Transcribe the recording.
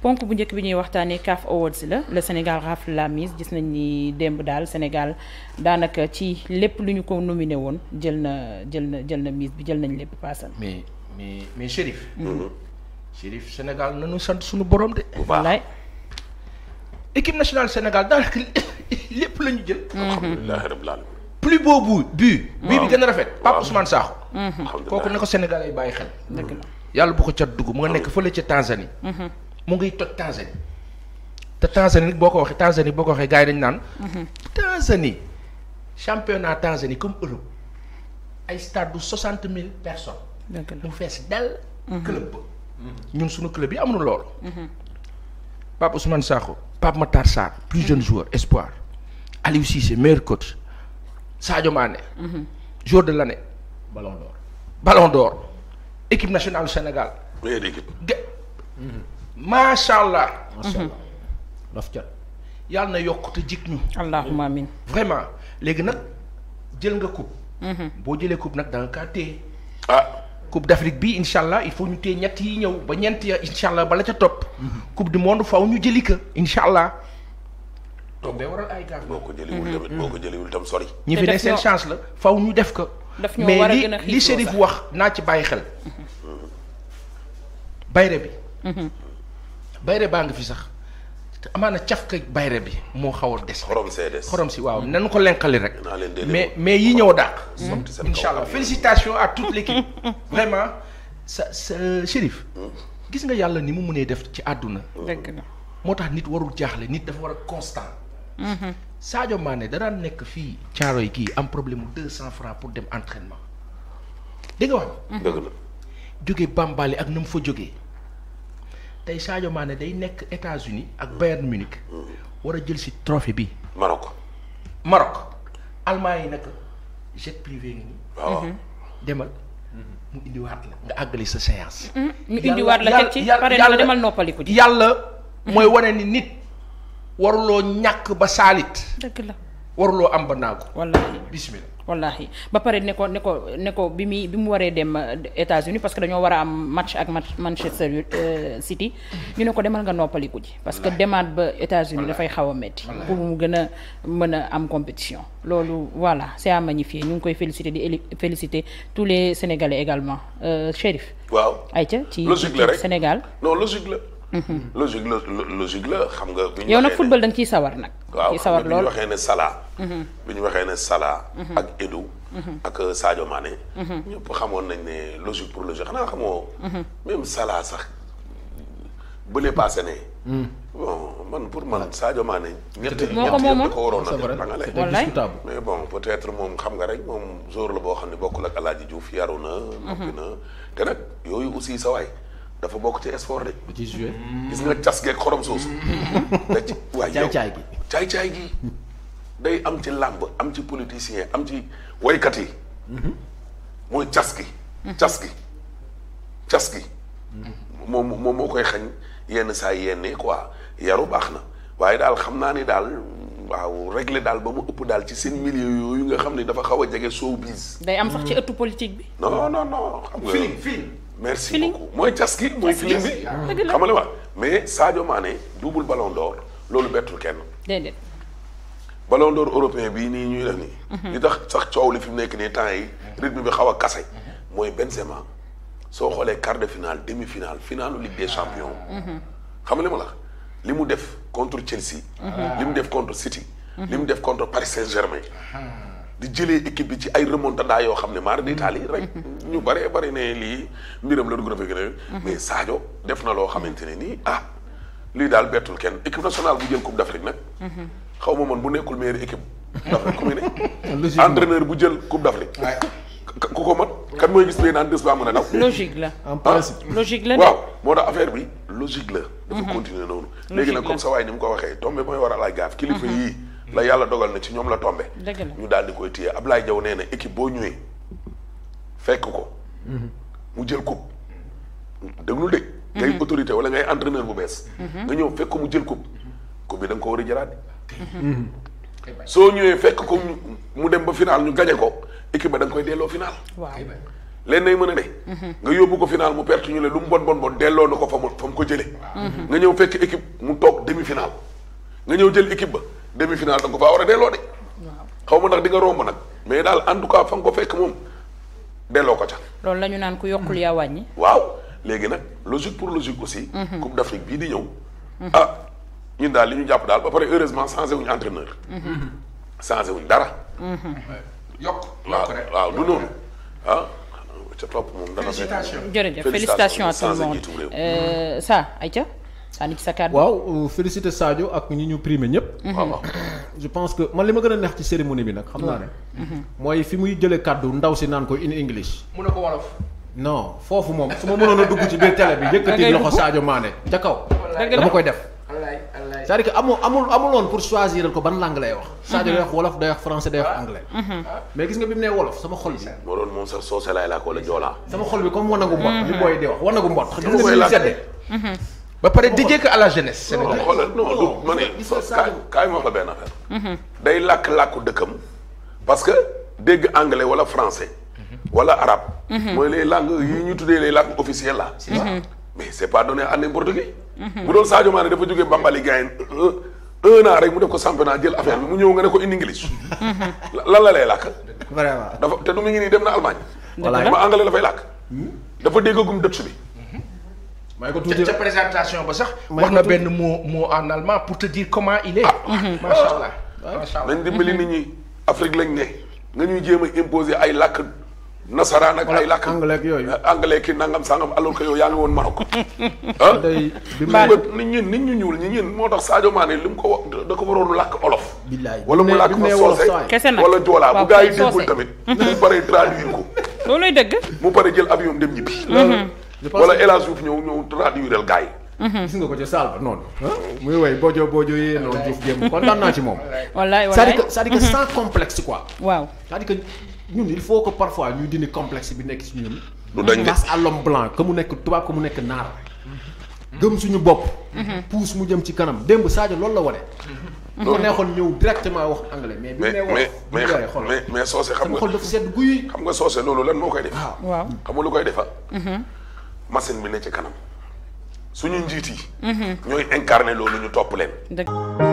ponk bu njëkk bi ñuy waxtaanee CAF Awards la le Sénégal rafle la mise gis nañ ni démb daal Sénégal daanaka ci lépp lu ñu ko nominé woon jël na jël na jël na mise bi jël nañ lépp paasal. mais mais mais Chérif. Mm-hmm. Chérif Sénégal nañu sant suñu borom de. bu baax équipe nationale Sénégal daanaka lépp la ñu mm-hmm. bu mm-hmm. gën a rafet Pape Ousmane Sakho. kooku na ko Sénégal ay bàyyi xel. dëgg la yàlla bu ko cat dugg mu nga nekk fële ca Tanzanie. mu ngi toj Tanzanie te Tanzanie boo ko waxee Tanzanie boo ko waxee gars yi dañu naan. Mhm. Tanzanie championnat Tanzanie comme Europe ay stade du soixante mille personnes. mu fees dell. Mhm. club ba ñun suñu club yi amuñu loolu. Mhm. Pape Ousmane Sakho Pape Matar Sarr plus jeune joueur espoir Aliou Cissé meilleur coach Sadio Mané. de l'année. Ballon d'or Ballon d'or équipe nationale Sénégal. macha allah. macha allah daf yàlla na yokk te jig ñu. allahumma amin vraiment léegi nag jël nga coupe. Mhm. boo jëlee coupe nag da nga kaa téye. ah coupe bi incha allah il faut ñu téye ñett yi ñëw ba ñeent ya incha allah bala ca topp. Mhm. coupe du monde faw ñu jëli ko incha allah. toog bee waral ay gàllankoor boo ko jëliwul mhm. tamit boo ko jëliwul tam sori. ñi fi ne seen chance la faw ñu def ko. daf ñoo war a gën mais li li Chérif wax naa ci bàyyi xel. bayre bi. bayre baa ngi fi sax te amaana cafka bayre bi moo xaw a des. xorom see si waaw nan ko lenqali rek. mais mais yi ñëw dàq. incha allah félicitations à toute l'équipe vraiment sa sa Chérif. gis nga yàlla ni mu mënee def ci àdduna. dëgg moo tax nit warul jaaxle nit dafa war a constant. Mm-hmm. Sadio Mané danaan nekk fii yi kii am problème mu deux cent francs pour dem entrainement dégg nga wax. dëgg jóge Bambali ak na mu fa jóge tey Sadio Mané day nekk États-Unis ak Bayern Munich war a jël si trophée bi Maroc Maroc Allemagne yi nag jet privé ngi nii mhm. demal mu indiwaat la nga àggali sa séance mhm. ñu indiwaat la teg ci pare la demal noppaliku ji yàlla mooy mhm. wane ni nit waruloo ñàkk ba saalit waruloo am ba naa ko. wallaahi bismillah. wallaahi ba pare ne ko ne ko ne ko bi muy bi mu waree dem euh, États-Unis parce que dañoo war a am match ak match Manchester euh, City. ñu ne ko demal nga noppaliku ji. parce que demaat ba États-Unis dafay xaw a métti. pour mu gën a mën a am compétition. loolu voilà c'est à magnifier ñu ngi koy féliciter di éli félicité tous les Sénégalais également euh, Chérif. waaw ayca ci Sénégal. non logique la. Mm-hmm. logique la logique la xam nga. bu ñu yow nag football da nga ciy sawar nag. ciy sawar lool waaw xam nga mm-hmm. bu ñu waxee ne Salah. bu ñu waxee ne Salah. ak Edu. Mm-hmm. ak Sadio Mané. xamoon nañ ne logique pour logique xanaa xamoo. même Salah sax bële paase ne. Mm. man pour man Sadio Mané. ñett moo ko moomoon ñett ko waroon a def bangale. wallaay mais bon peut-être moom xam nga rek moom jour la boo xam ne bokkul ak El Hadj Diouf yaru na te nag yooyu aussi sa waay. dafa bokk ci sport de. ci joué. gis nga cas geeg xorom soosu. da caay-caay gi. caay gi day am ci làmb am ci politicien am ci woykat yi. mooy cas gi. cas gi cas gi. moom moom moo koy xañ yenn saa yenn quoi yaru baax na waaye daal xam naa ni daal. waaw réglé daal ba mu ëpp daal ci seen milieu yooyu nga xam ni dafa xaw a jege showbiz. day am sax ci ëttu politique bi. non non non xam nga. fii fii. merci beaucoup mooy caski mooy feeling bi xam nga mais Sadio Mané double ballon d'or loolu bettul kenn. déedéet. ballon d'or européen bii nii ñuy def nii. Mhm. li tax sax coow li fi mu nekk nii temps yi mhm. rythme bi xaw a kase. Mhm. mooy Benzema soo xoolee quart de finale demi finale finalu Ligue des champions. xam li ma la li mu def contre Chelsea. li mu def contre City. li mu def contre Paris Saint-Germain. di jëlee équipe bi ci ay remontada yoo xam ne maar di taal rek mm-hmm. ñu bëree bëri ne lii mbiram la dugg na fekk na mais Sadio def na loo xamante ne nii ah lii daal bettul kenn équipe nationale bu jël coupe d'Afrique nag mm-hmm. xaw ma man bu nekkul meilleure équipe d'Afrique ku muy ne entraîneur bu jël coupe d'Afrique ku ko mat kan mooy gis ne naan des ba mën a daw. logique la en principe ah, logique la waaw moo tax affaire dafa mm-hmm. continuer noonu. léegi nag comme sa waay ni mu ko waxee tombé mooy waral ay gaaf. kilifa yii. la yàlla dogal na ci ñoom la tombe ñu daal di koy téye Ablaye Diaw nee na équipe boo ñëwee fekk ko mu jël coupe déglul dëgg ngay mhm. autorité wala ngay entraîneur bu bees mhm. nga ñëw fekk ko mu jël coupe coupe bi da nga ko a jëlaat mhm. soo ñëwee fekk ko mu dem ba final ñu gañe ko équipe ba da nga koy delloo final waaw ma ne mën a ne nga yóbbu ko final mu perte ñu le lu mu bon bon bon delloo na ko fa mu fa mu ko jëlee nga ñëw fekk équipe mu toog demi final nga ñëw jël équipe ba demi finale da nga ko faa war a delloo de. xaw ma ndax di nga romb nag mais daal en tout cas fa nga ko fekk moom delloo ko ca. loolu lañu naan ku yokkul yaa wàññi. waaw léegi nag logique pour logique aussi. Mhm. coupe d'Afrique bii di ñëw. Mhm. ah ñun daal li ñu jàpp daal ba pare heureusement changé wuñu entraîneur. Mhm. changé wuñ dara. yokk yokk waaw du noonu ah. ca topp moom dana. félicitation jërëjëf félicitation à tout le monde euh, ça Aïcha. sànni sa kàddu waaw euh, félicité Sadio ak ñi ñu primé ñëpp. Mhm. waaw je pense que man li ma gën a neex ci cérémonie bi nag. xam naa ne. Mhm. mooy fi muy jëlee kàddu ndaw si naan ko in English. mun ko wolof. non foofu moom su ma mënoon dugg ci biir télé bi yëkkati loxo Sadio Mané ca kaw. dama koy def. c'est-à-dire que amul amul pour choisir ko ban langue lay wax. Mhm. Sadio day wax wolof day wax français day wax ah. anglais. mais gis nga bi mu nee wolof sama xol bi. moo doon moom sax soose laay laa ko wala joolaa. sama xol bi comme wanagu mbot. li booy di wax wanagu mbot. ba pare dédié ko à la jeunesse sénégalaise. xoolal non du ma ne kaay kaay ma wax la benn day làkk làkku dëkkam parce que dégg anglais wala français. wala arabe. Mhm. mooy les langues yi ñu tuddee les langues officielles là. Mhm. mais c'est pas donné à n'importe qui. Mhm. bu doon Sadio Mané dafa jógee Bambali Gayen un an rek mu def ko naa jël affaire bi mu ñëw nga ne ko in English. lan la lay làkk. vraiment dafa te du mu ngi nii dem na Allemagne. voilà ma la fay làkk. dafa déggagum dëkk bi. may ko tuuti ca présentation ba sax. wax na benn mot mot en allemand pour te dire comment il est. Ah. Mm-hmm. macha allah ah. macha allah. nañ dimbali nit ñi Afrique lañ ne nga ñuy jéem a imposer ay làkk nasaraan ak ay làkk anglais yooyu eh, anglais ki nangam sangam alors que yow yaa ngi woon Maroc. ah day bi nit ñi nit ñu ñuul ñi moo tax Sadio Mané li mu ko wax da ko waroon làkk olof. billaay wala mu làkk fa soose wala joolaa bu gaa yi déggul tamit. mu paree traduire ko. loolooy dëgg. mu paree jël avion wala El Hadj Diouf ñëw ñëw traduirel gars yi. Mhm. gis nga ko ca saal ba noonu. muy woy bojo bojo yee noonu Diouf jéem kontaan naa ci moom. wallaay wallaay sa à dire que mhm. sans complexe quoi. waaw c'est-à-dire que ñun il faut que parfois ñu dindi complexe bi nekk ci ñun. du dañ face à l'homme blanc que mu nekk tubaab que nekk naar. gëm suñu bopp. Mhm. pousse mu jëm ci kanam démb Sadio loolu la wane. bu ko ñëw directement wax anglais. mais bi nee wax mais mais mais soose xam nga xol dafa sedd guy. xam nga soose loolu lan moo koy def. waaw xam nga lu koy defa ah? machine bi ne ci kanam suñu njiit yi. Mhm. ñooy incarné loolu ñu topp leen.